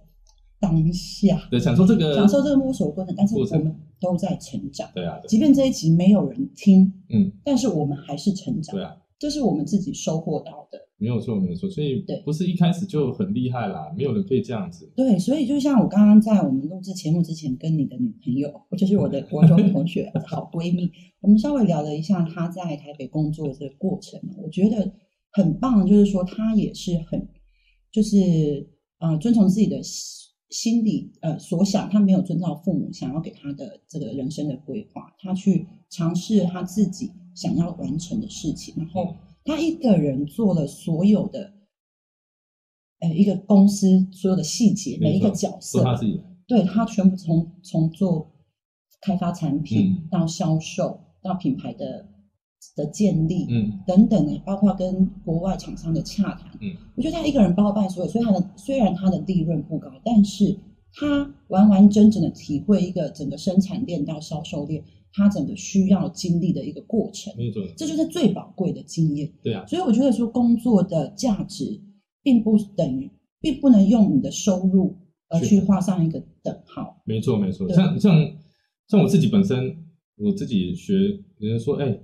當下。對，享受這個，享受這個摸索過程。但是我們都在成長。對啊，對。即便這一集沒有人聽、嗯，但是我們還是成長。對啊。這是我們自己收穫到的，沒有錯，沒有錯，所以對，不是一開始就很厲害啦，沒有人可以這樣子。對，所以就像我剛剛在我們錄制節目之前，跟你的女朋友，就是我的國中同學、 好閨蜜，我們稍微聊了一下她在台北工作的這個過程，我覺得很棒，就是說她也是很，就是呃遵從自己的。心裡呃所想，他沒有遵照父母想要給他的這個人生的規劃，他去嘗試他自己想要完成的事情，然後他一個人做了所有的，呃，一個公司所有的細節，每一個角色，他自己，對，他全部從從做開發產品到銷售到品牌的的建立，嗯，等等呢，包括跟國外廠商的洽談，嗯，我覺得他一個人包辦所有，所以他的雖然他的利潤不高，但是他完完整整的體會一個整個生產鏈到銷售鏈，他整個需要經歷的一個過程，嗯，沒錯，這就是最寶貴的經驗，對啊，所以我覺得說，工作的價值並不等於並不能用你的收入而去畫上一個等號，沒錯沒錯，對。像像像我自己本身，我自己學人家說哎。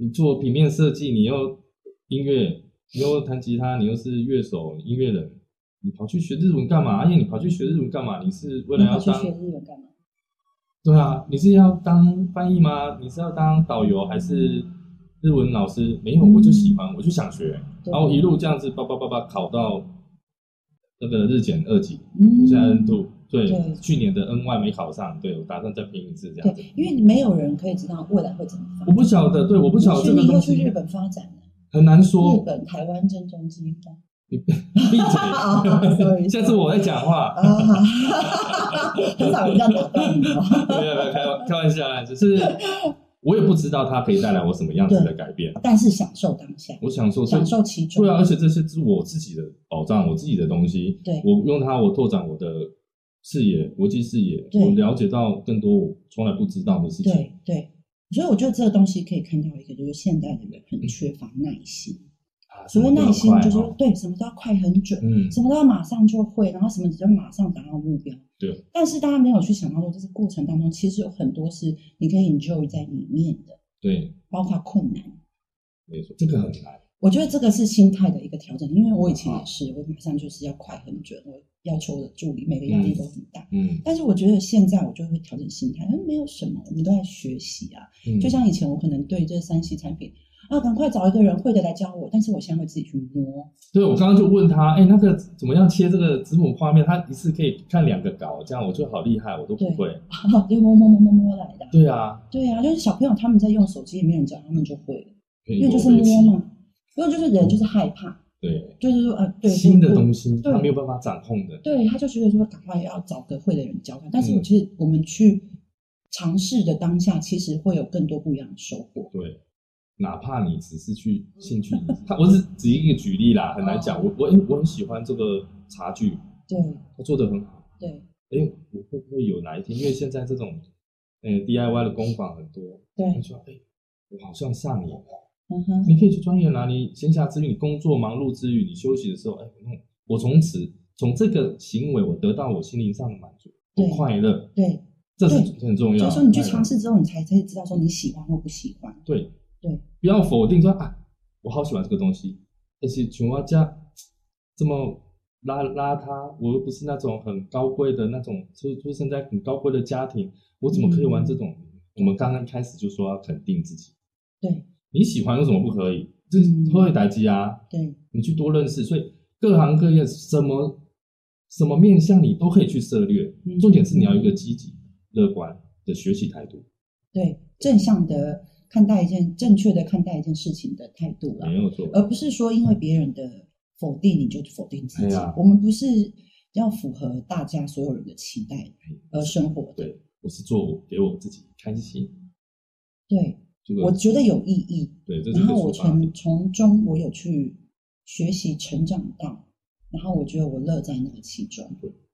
你做平面設計，你又音樂，你又彈吉他，你又是樂手、音樂人，你跑去學日文幹嘛？而且你跑去學日文幹嘛？你是為了要當？幹嘛？對啊，你是要當翻譯嗎？你是要當導遊還是日文老師？沒有，我就喜歡，我就想學，然後一路這樣子叭叭叭叭考到那個日檢二級，我現在 N2。對，對，去年的 N1 沒考上，對，我打算再拼一次，這樣子。對，因為你沒有人可以知道未來會怎麼發展。我不曉得，對，我不曉得。去美國，去日本發展。很難說。日本、台灣正中之一你，閉、欸、嘴！ 下次我在講話。哈哈哈哈哈！很少人這樣打斷你了。沒有沒有，開玩笑，開玩笑，只、就是我也不知道它可以帶來我什麼樣子的改變。但是享受當下，我享受享受其中對、啊。對，而且這是我自己的保障，哦、我自己的東西。對，我用它，我拓展我的視野，國際視野，我了解到更多我從來不知道的事情。對對，所以我覺得這個東西可以看到一個，就是現代的人很缺乏耐心。嗯、啊，所謂耐心，就是說、啊、對，什麼都要快、很準、嗯，什麼都要馬上就會，然後什麼你就馬上達到目標。對。但是大家沒有去想到說，這個過程當中其實有很多是你可以 enjoy 在裡面的。對。包括困難。沒錯，這個很難。我覺得這個是心態的一個調整，因為我以前也是，我馬上就是要快很準，我要求我的助理每個壓力都很大嗯。嗯，但是我覺得現在我就會調整心態，哎，沒有什麼，我們都在學習啊、嗯。就像以前我可能對這 3C 產品，啊，趕快找一個人會的來教我，但是我現在會自己去摸。對，我剛剛就問他，哎，那個怎麼樣切這個子母畫面？他一次可以看兩個稿，這樣我就好厲害，我都不會。哈哈、哦，就摸，摸摸摸摸摸來的。對啊，對啊，就是小朋友他們在用手機，沒人教他們就會、嗯，因為就是摸嘛。因為就是人就是害怕，嗯、對，就是說啊、呃，對，新的東西他沒有辦法掌控的，對，對他就覺得說趕快要找個會的人教他、嗯。但是我其實我們去嘗試的當下，其實會有更多不一樣的收穫。對，哪怕你只是去興趣、嗯，他我是只一個舉例啦，很難講。啊、我我我很喜歡這個茶具，對、嗯，他做得很好，對。哎，我會不會有哪一天？因為現在這種嗯 DIY 的工坊很多，對，他說，哎，我好像上癮了。嗯哼，你可以去鑽研哪裡？閒暇之餘，你工作忙碌之餘，你休息的時候，哎，嗯、我從此從這個行為，我得到我心靈上的滿足，對我快樂，對，這是很重要。所以、就是、說，你去嘗試之後，你才可以知道說你喜歡或不喜歡。對對，不要否定說啊、哎，我好喜歡這個東西，而且像我家這麼邋邋遢，我又不是那種很高貴的那種出出生在很高貴的家庭，我怎麼可以玩這種？嗯、我們剛剛開始就說要肯定自己，對。你喜歡有什麼不可以？這、嗯就是會打擊啊、嗯。對，你去多認識，所以各行各業什麼什麼面向你都可以去涉獵、嗯。重點是你要一個積極、嗯、樂觀的學習態度，對正向的看待一件正確的看待一件事情的態度、啊、沒有錯。而不是說因為別人的否定、嗯、你就否定自己、哎。我們不是要符合大家所有人的期待而生活的對，對，我是做我給我自己開心。對。我覺得有意義，對。然後我從從中我有去學習成長到，然後我覺得我樂在那個其中，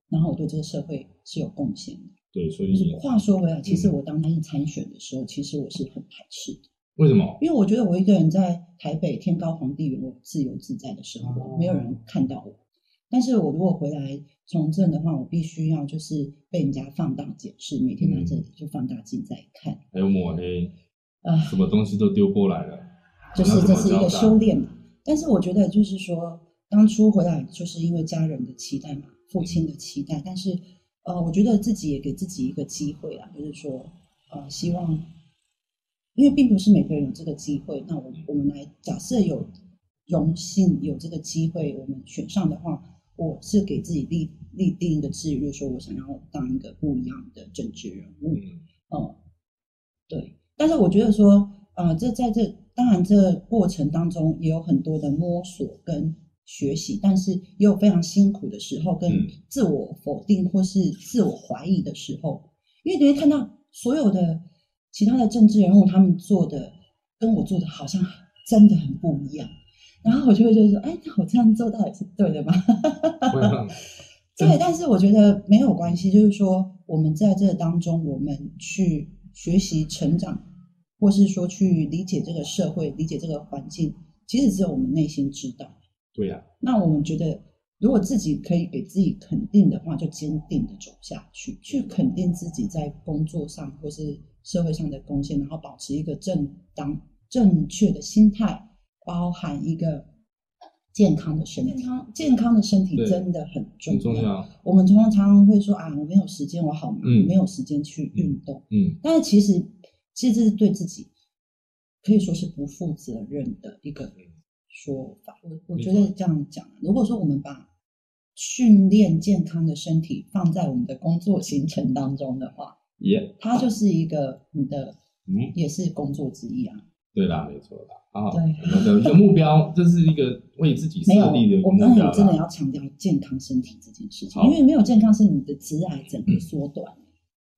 然後我對這個社會是有貢獻的。對，所以是話說回來，其實我當他一參選的時候、嗯，其實我是很排斥的。為什麼？因為我覺得我一個人在台北天高皇帝遠，我自由自在的生活、哦，沒有人看到我。但是我如果回來從政的話，我必須要就是被人家放大解釋，每天在這裡就放大鏡在看。還有抹黑。哎什麼東西都丟過來了，就是這是一個修煉。是修煉，但是我覺得，就是說，當初回來就是因為家人的期待嘛，父親的期待、嗯。但是，呃，我覺得自己也給自己一個機會啊，就是說，呃，希望，因為並不是每個人有這個機會。那我、嗯、我們來假設有榮幸有這個機會，我們選上的話，我是給自己立立定一個志，就是說我想要當一個不一樣的政治人物。嗯，哦、對。但是我覺得說，呃，這在這當然這過程當中也有很多的摸索跟學習，但是也有非常辛苦的時候，跟自我否定或是自我懷疑的時候、嗯。因為你會看到所有的其他的政治人物，他們做的跟我做的好像真的很不一樣，然後我就會覺得說，哎，我這樣做到也是對的吧，哈、嗯。 對、嗯，但是我覺得沒有關係，就是說我們在這當中，我們去。學習成長，或是說去理解這個社會、理解這個環境，其實只有我們內心知道。對呀、啊。那我們覺得，如果自己可以給自己肯定的話，就堅定的走下去，去肯定自己在工作上或是社會上的貢獻，然後保持一個正當、正確的心態，包含一個。健康的身體，健康健康的身體真的很重要很重要、啊。我們通常，常會說啊，我沒有時間，我好忙，嗯、我沒有時間去運動嗯。嗯，但是其實，其實這是對自己可以說是不負責任的一個說法。我我覺得這樣講，如果說我們把訓練健康的身體放在我們的工作行程當中的話，耶、嗯，它就是一個你的嗯，也是工作之一啊。對啦，沒錯啦。Oh, 對，有目標，這，就是一個為自己設立的目標。 我朋友真的要強調健康身體這件事情，哦，因為沒有健康，是你的職涯整個縮短。嗯，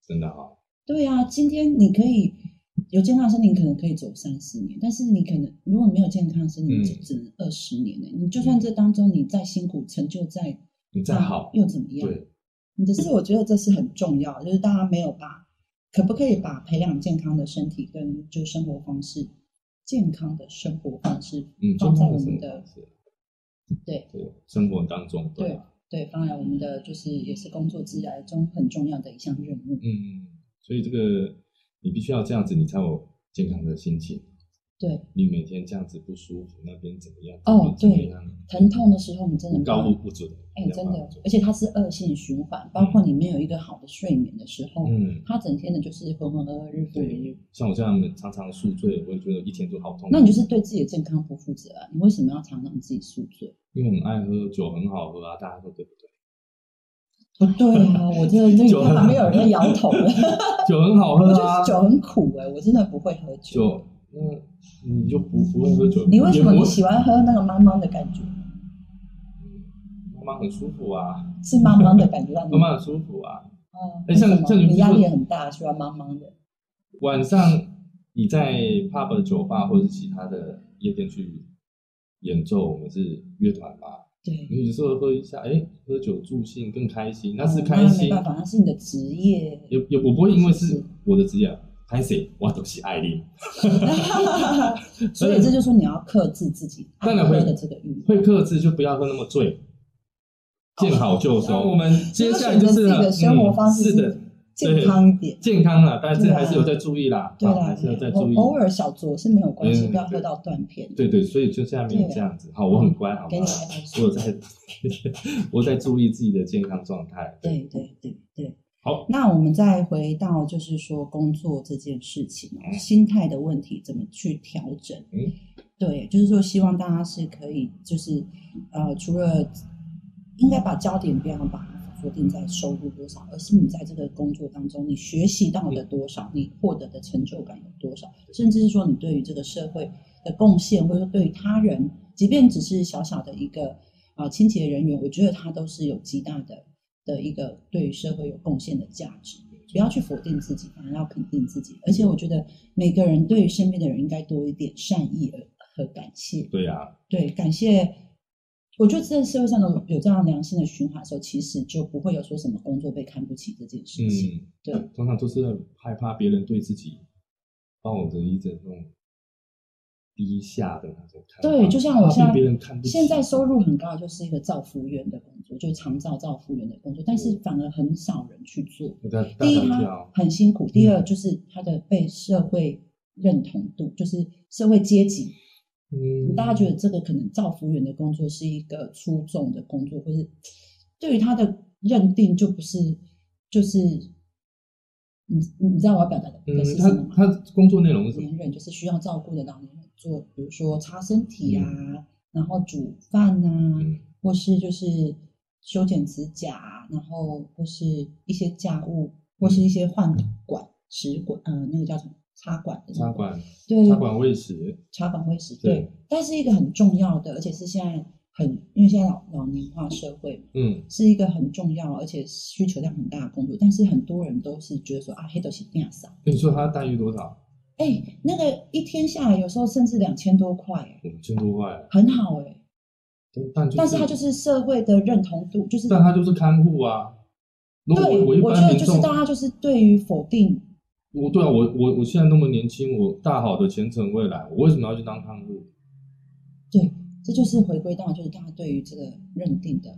真的哈。對啊，今天你可以有健康身體，可能可以走三十年；但是你可能如果你沒有健康身體，嗯，就只能二十年。你就算這當中你再辛苦，成就再你再好，啊，又怎麼樣？對。可是我覺得這是很重要，就是大家沒有把可不可以把培養健康的身體跟就生活方式。健康的生活方式放在我們的、嗯、生的生對，對，對生活當中，對對，對，放在我們的就是也是工作之外中很重要的一項任務。嗯，所以這個你必須要這樣子，你才有健康的心情。對，你每天這樣子不舒服，那邊怎、怎麼樣？哦，對，疼痛的時候你真的沒有高度不准，哎、欸，真的，而且它是惡性循環，嗯，包括你沒有一個好的睡眠的時候，嗯，他整天的就是渾渾噩噩，對。像我這樣常常宿醉，我也覺得一天都好痛苦。那你就是對自己的健康不負責。啊，你為什麼要常常自己宿醉？因為我們愛喝酒，很好喝啊，大家說對不對？ 不對啊，我真的酒旁邊有人在搖頭了。 酒很好喝。啊、我覺得酒很苦哎、欸，我真的不會喝酒。那、嗯、你就不不會喝酒？你為什麼你喜歡喝那個茫茫的感覺？茫茫很舒服啊。是茫茫的感覺嗎？茫茫很舒服啊。啊、嗯，哎、欸，像像，像你們壓力很大，喜歡茫茫的。晚上你在 pub 的酒吧或者是其他的夜店去演奏，我們是樂團吧？對。你有時候喝一下，哎、欸，喝酒助興更開心。那是開心，嗯、那，那是你的職業。有有，我不會因為是我的職業。是是還是我都是愛你。 所以 所以這就是說你要克制自己。當然會。會克制，就不要喝那麼醉，見好就收，哦啊。我們接下來就是生活方式的、嗯的，健健康點。健康了，但是還是有在注意啦。對、啊對啊、還是有在注意。偶爾小酌是沒有關係，不要喝到斷片。對，對對，所以就下面這樣子。好，我很乖好好，好、嗯。給你。我在， 我在注意自己的健康狀態。 對，對對對對。好，那我們再回到就是說工作這件事情、啊、心態的問題怎麼去調整？對，就是說希望大家是可以，就是呃，除了應該把焦點不要把鎖定在收入多少，而是你在這個工作當中你學習到的多少，嗯、你獲得的成就感有多少，甚至是說你對於這個社會的貢獻，或者說對於他人，即便只是小小的一個呃清潔人員，我覺得他都是有極大的。的一個對於社會有貢獻的價值，不要去否定自己，反而要肯定自己。而且我覺得每個人對於身邊的人應該多一點善意和和感謝。對啊，對，感謝。我覺得在社會上有這樣良性的循環的時候，其實就不會有說什麼工作被看不起這件事情。嗯，對，通常就是害怕別人對自己抱着一種低下的那種態度，對，就像我現在現在收入很高的就是一個照服員的工作，就是、常造照服員的工作，但是反而很少人去做。第一，他很辛苦；嗯、第二，就是他的被社會認同度，就是社會階級。嗯，大家覺得這個可能照服員的工作是一個出眾的工作，或是對於他的認定就不是，就是你，你知道我要表達的是什麼嗎？嗯、他他工作內容是，就是需要照顧的老年人。做比如說擦身體啊，嗯、然後煮飯吶、啊嗯，或是就是修剪指甲、啊，然後或是一些家務、嗯，或是一些換管、食、嗯、管，呃，那個叫什麼？插管的。插管。對。插管餵食。插管餵食。對。但是一個很重要的，而且是現在很，因為現在老老年化社會，嗯，是一個很重要而且需求量很大的工作，但是很多人都是覺得說啊，黑頭洗比較少。那你說他待遇多少？哎、欸，那個一天下來，有時候甚至兩、欸嗯、千多塊，兩千多塊，很好哎、欸就是。但是他就是社會的認同度，就是但他就是看護啊。對我，我覺得就是大家就是對於否定。我對啊，我我我現在那麼年輕，我大好的前程未來，我為什麼要去當看護？對，這就是回歸到就是大家對於這個認定的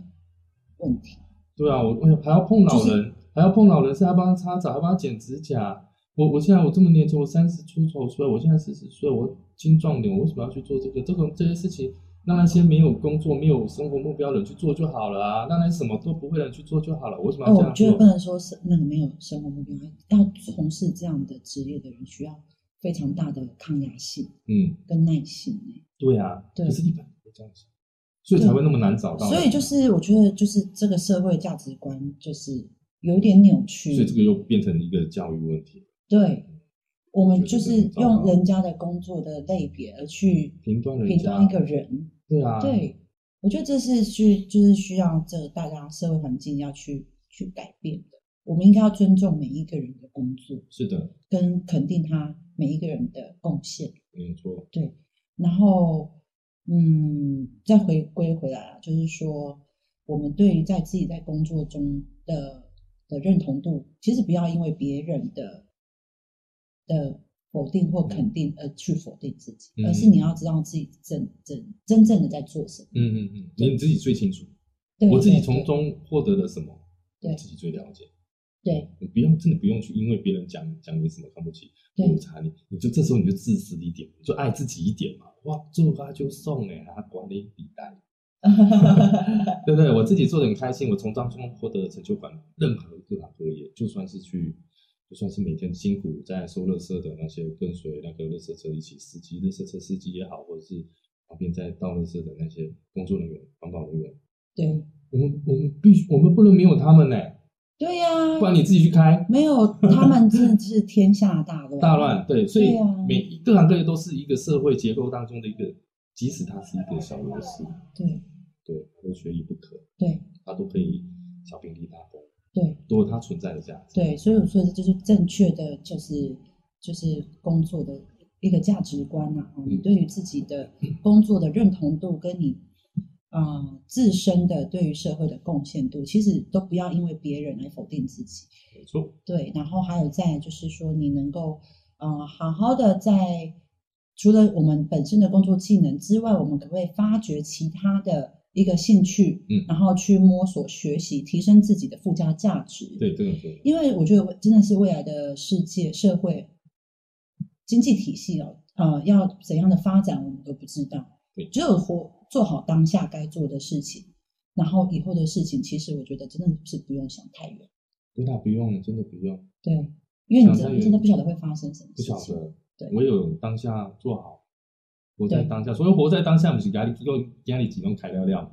問題。對啊，我我還要碰老人，還要碰老人，就是要是幫他擦澡，還幫他剪指甲。我我現在我這麼年輕，我三十出頭出，所以我現在四十歲，我青壯年，我為什麼要去做這個？這種這些事情，讓那些沒有工作、沒有生活目標的人去做就好了啊！讓那些什麼都不會的人去做就好了，為什麼要這樣、哦？我覺得不能說是那個、嗯、沒有生活目標要從事這樣的職業的人需要非常大的抗壓性，嗯，跟耐性、嗯。對啊，對，就是一百個這樣子，所以才會那麼難找到。所以就是我覺得就是這個社會價值觀就是有點扭曲，所以這個又變成一個教育問題。對，我們就是用人家的工作的類別而去評斷人家，對啊，評斷一個人，對啊，對，我覺得這是需就是需要這大家社會環境要去去改變的。我們應該要尊重每一個人的工作，是的，跟肯定他每一個人的貢獻，沒錯，對。然後，嗯，再回歸回來，就是說，我們對於在自己在工作中的的認同度，其實不要因為別人的。呃，否定或肯定，呃，去否定自己，嗯，而是你要知道自己真正，嗯，真正的在做什麼。嗯嗯嗯，你自己最清楚對。我自己從中獲得了什麼，對自己最了解。對、嗯、你不用，真的不用去因為別人講講你什麼看不起，對我查你，你就這時候你就自私一點，你就愛自己一點嘛。哇，做他就送哎、欸，還管理筆袋。 對對，我自己做的很開心，我從當中獲得了成就感。任何各行各業，就算是去。就算是每天辛苦在收垃圾的那些，跟隨那個垃圾車一起司機，垃圾車司機也好，或者是旁邊在倒垃圾的那些工作人員、環保人員，對我們，我們必須，我們不能沒有他們呢。對呀、啊，不然你自己去開，沒有他們真的是天下大亂。 大亂，對，所以每、啊、各行各業都是一個社會結構當中的一個，即使它是一個小螺絲，對對，都缺一不可，對，他都可以小兵立大功。對，都有它存在的價值。對，所以我說的就是正確的，就是就是工作的一個價值觀嘛。哦、嗯，你對於自己的工作的認同度，跟你、呃、自身的對於社會的貢獻度，其實都不要因為別人來否定自己。沒錯。對，然後還有再就是說，你能夠、呃、好好的在除了我們本身的工作技能之外，我們可不可以發掘其他的。一個興趣，嗯，然後去摸索、學習、提升自己的附加價值。對，對對。因為我覺得真的是未來的世界、社會、經濟體系哦，啊、呃，要怎樣的發展，我們都不知道。對，只有活做好當下該做的事情，然後以後的事情，其實我覺得真的是不用想太遠。對啊，不用，真的不用。對，因為你真的真的不曉得會發生什麼事情，不曉得。對，唯有當下做好。活在當下，所以活在當下不是壓力，只有壓力只能料料，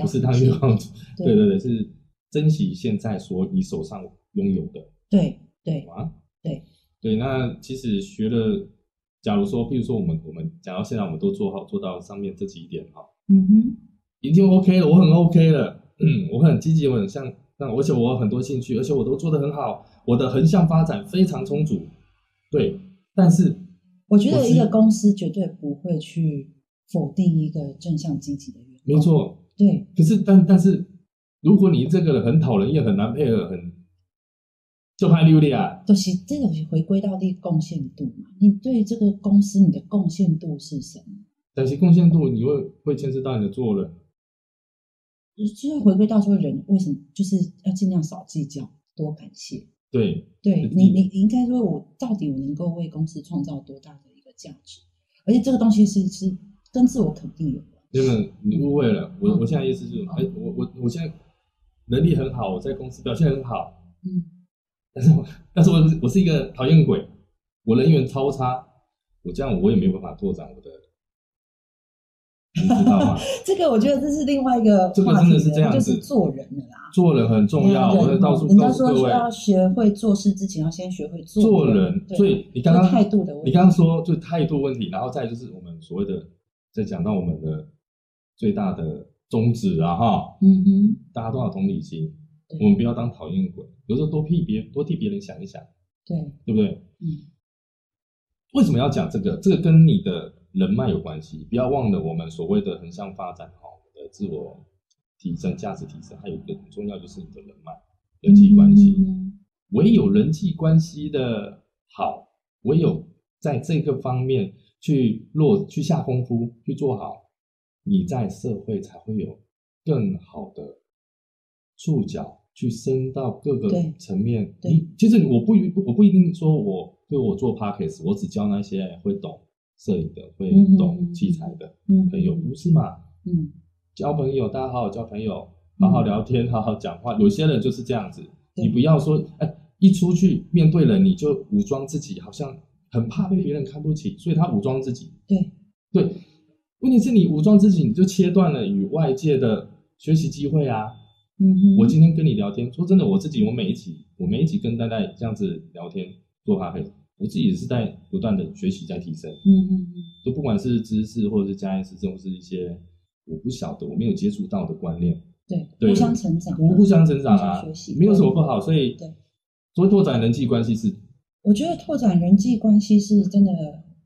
不是當月光族。對對對，是珍惜現在，所以你手上擁有的。對對啊，對嗎？對，對。那其實學了，假如說，譬如說我，我們我們講到現在，我們都做好做到上面這幾點哈。嗯哼，已經 OK 了，我很 OK 了，嗯，我很積極，我很像，那而且我很多興趣，而且我都做得很好，我的橫向發展非常充足。對，但是。我覺得一個公司絕對不會去否定一個正向積極的員工。沒錯，對。可是，但但是，如果你這個人很討人厭、很難配合、很就拍溜的啊，就是這種回歸到你貢獻度嘛。你對這個公司你的貢獻度是什麼？但是貢獻度你會會牽扯到你的做人，就是回歸到說人為什麼就是要盡量少計較，多感謝。對，對你，你你應該說，我到底我能夠為公司創造多大的一個價值？而且這個東西是是跟自我肯定有關係。那個你誤會了，嗯、我我現在意思就是，哎、嗯，我我我現在能力很好，我在公司表現很好，嗯，但是我但是我我是一個討厭鬼，我人緣超差，我這樣我也沒有辦法拓展我的。你知道嗎？ 這個我覺得這是另外一個，這個真的是這樣子，就是做人的啦。做人很重要，我到處告訴各位說要學會做事之前要先學會做人。做人對啊，所以你剛剛態度的問題，你剛剛說就態度問題，然後再就是我們所謂的，在講到我們的最大的宗旨啊，哈，嗯，大家都要同理心，我們不要當討厭鬼，有時候多替別多替別人想一想，對，對不對？嗯。為什麼要講這個？這個跟你的。人脈有關係，不要忘了我們所謂的橫向發展好，我們的自我提升、價值提升，還有一個很重要就是你的人脈、人際關係。Mm -hmm. 唯有人際關係的好，唯有在這個方面去落、去下功夫、去做好，你在社會才會有更好的觸角去伸到各個層面。你，其實我不一，我不一定說我對我做 podcast 我只教那些會懂，攝影的會懂器材的、嗯嗯、朋友，不是嘛？嗯，交朋友，大家好好交朋友，好好聊天，嗯、好好講話。有些人就是這樣子，嗯、你不要說，哎、欸，一出去面對了，你就武裝自己，好像很怕被別人看不起，所以他武裝自己。對對，問題是你武裝自己，你就切斷了與外界的學習機會啊。嗯，我今天跟你聊天，說真的，我自己，我每一集，我每一集跟大家這樣子聊天做咖啡。我自己也是在不斷的學習，在提升。嗯嗯嗯，就不管是知識，或者是加一是這種是一些我不曉得、我沒有接觸到的觀念，對，互相成長，互互相成長啊，長啊學習，沒有什麼不好。所以，對，所以拓展人際關係是，我覺得拓展人際關係是真的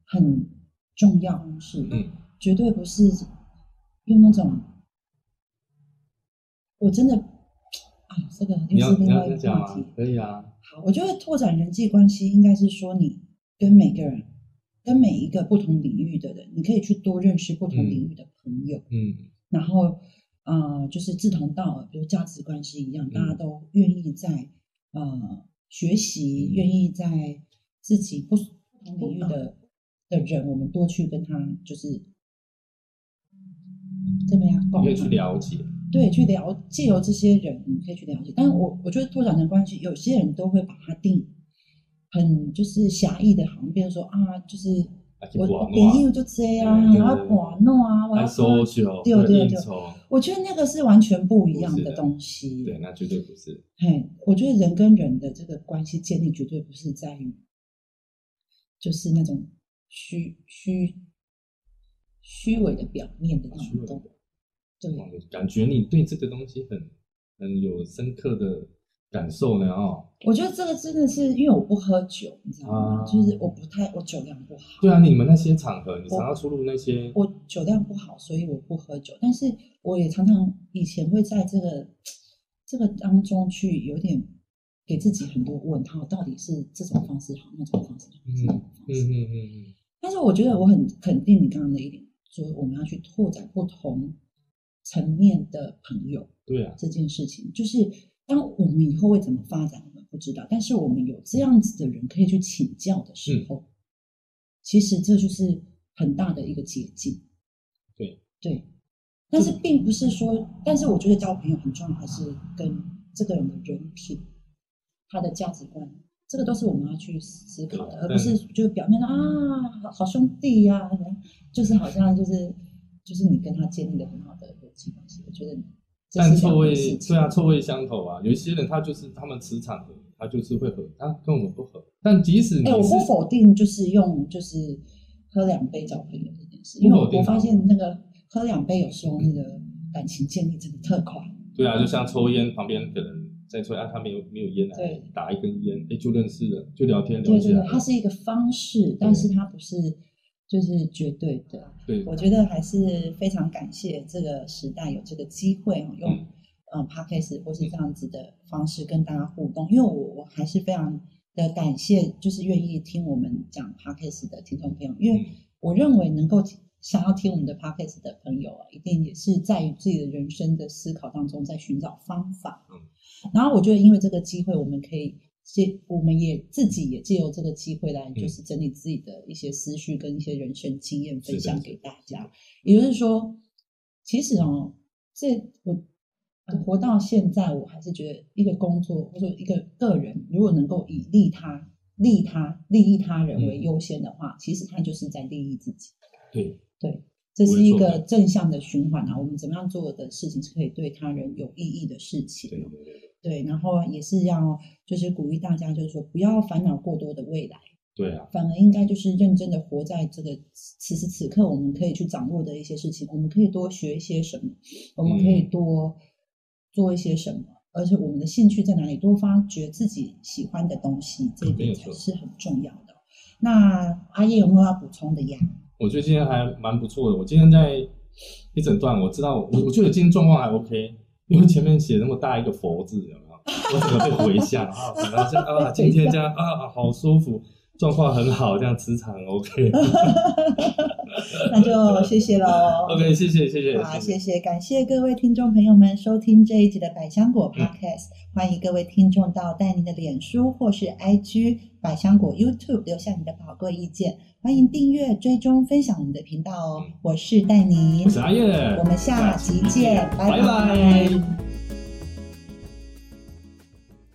很重要，是、嗯，絕對不是用那種我真的。好，這個又是另外問題、啊，可以啊。好，我覺得拓展人際關係，應該是說你跟每個人、跟每一個不同領域的人，你可以去多認識不同領域的朋友，嗯，嗯然後啊、呃，就是志同道合、價值關係一樣、嗯，大家都願意在呃學習，願意在自己不同領域的、嗯、的人，我們多去跟他，就是這麼樣，多，多去了解。對，去聊，借由這些人，你、嗯、可以去了解。但我我覺得拓展的關係，有些人都會把它定很就是狹義的行，好像變說啊，就是我我給你我就這樣，我要管弄啊，我要對對對、啊、對，對，對，對，對，對，對，我覺得那個是完全不一樣的東西的。對，那絕對不是。嘿，我覺得人跟人的這個關係建立，絕對不是在於就是那種虛虛虛偽的表面的那種互動。對，感覺你對這個東西很很有深刻的感受呢？哦，我覺得這個真的是因為我不喝酒，你知道嗎、啊？就是我不太，我酒量不好。對啊，你們那些場合，你常常出入那些……我酒量不好，所以我不喝酒。但是我也常常以前會在這個這個當中去有點給自己很多問號，到底是這種方式好，那種方式好，嗯這種方式嗯嗯嗯。但是我覺得我很肯定你剛剛的一點，所以我們要去拓展不同。層面的朋友，對啊，這件事情就是，當我們以後會怎麼發展，嗯、我們不知道。但是我們有這樣子的人可以去請教的時候，嗯、其實這就是很大的一個捷徑。對對，但是並不是說，但是我覺得交朋友很重要，還是跟這個人的人品、啊、他的價值觀，這個都是我們要去思考的，嗯、而不是就是表面的啊，好兄弟呀、啊，就是好像就是 就是你跟他建立的很好的。覺得是，但臭味，對啊，臭味相投啊。有一些人他就是他們磁場的，他就是會合，他，啊，跟我們不合。但即使哎，我不否定就是用就是喝兩杯交朋友這件事，因為我發現那個喝兩杯有時候那個感情建立真的特快。對啊，就像抽菸旁邊的人在抽菸，他沒有沒有菸來打一根菸，哎，就認識了，就聊天聊這樣。它是一個方式，但是它不是。就是絕對的，對。我覺得還是非常感謝這個時代有這個機會用 Podcast 嗯 Podcast 或是這樣子的方式，嗯、跟大家互動，因為我我還是非常的感謝，就是願意聽我們講 Podcast 的聽眾朋友，因為我認為能夠想要聽我們的 Podcast 的朋友啊，一定也是在於自己的人生的思考當中在尋找方法，嗯，然後我覺得因為這個機會，我們可以。我們也自己也借由這個機會來，就是整理自己的一些思緒跟一些人生經驗，分享給大家。也就是說，其實哦，這我活到現在，我還是覺得，一個工作或者一個個人，如果能夠以利他、利他、利益他人為優先的話，其實他就是在利益自己。對對，這是一個正向的循環啊！我們怎麼樣做的事情是可以對他人有意義的事情、嗯的的？對。對對對對對，然後也是要，就是鼓勵大家，就是說不要煩惱過多的未來，對啊，反而應該就是認真的活在這個此時此，此，此刻，我們可以去掌握的一些事情，我們可以多學一些什麼，我們可以多做一些什麼，嗯、而且我們的興趣在哪裡，多發掘自己喜歡的東西，嗯、這一點才是很重要的。那阿雁有沒有要補充的呀？我覺得今天還蠻不錯的，我今天在一整段，我知道我我覺得今天狀況還 OK。因為前面寫那麼大一個佛字，有沒有？我怎麼被回向、 啊？啊，今天這樣啊，好舒服。狀況很好，這樣磁場 OK， 那就謝謝嘍。OK，謝謝謝謝。好，謝謝，謝謝，感謝各位聽眾朋友們收聽這一集的百香果 Podcast，嗯、歡迎各位聽眾到戴寧的臉書或是 IG 百香果 YouTube 留下你的寶貴意見，歡迎訂閱、追蹤、分享我們的頻道哦。嗯、我是戴寧，我們下集見，見，拜拜。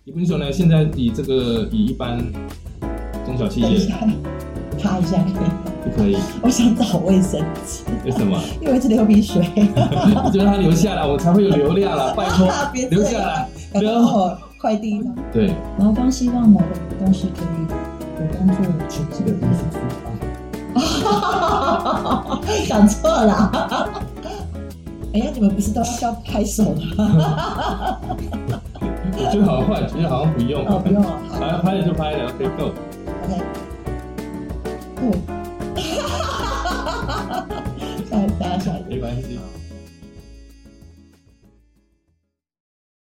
你不是說呢？現在以這個以一般。中小企業。擦一下可以不可以？ 我想找衛生紙。為什麼？因為一直流鼻水。就讓它留下來，我才會有流量了，拜託、啊。留下來，然、啊、後快遞。對。然後剛希望個東西可以有當做儲蓄的東西。的東西啊、 想錯了。 哎呀，你們不是都要拍手嗎？ 我覺得好快，其實好像不用，不用、啊，好像拍了就拍了，可以夠。Okay, 哈哈哈哈哈！哈才，笑一下，沒關係。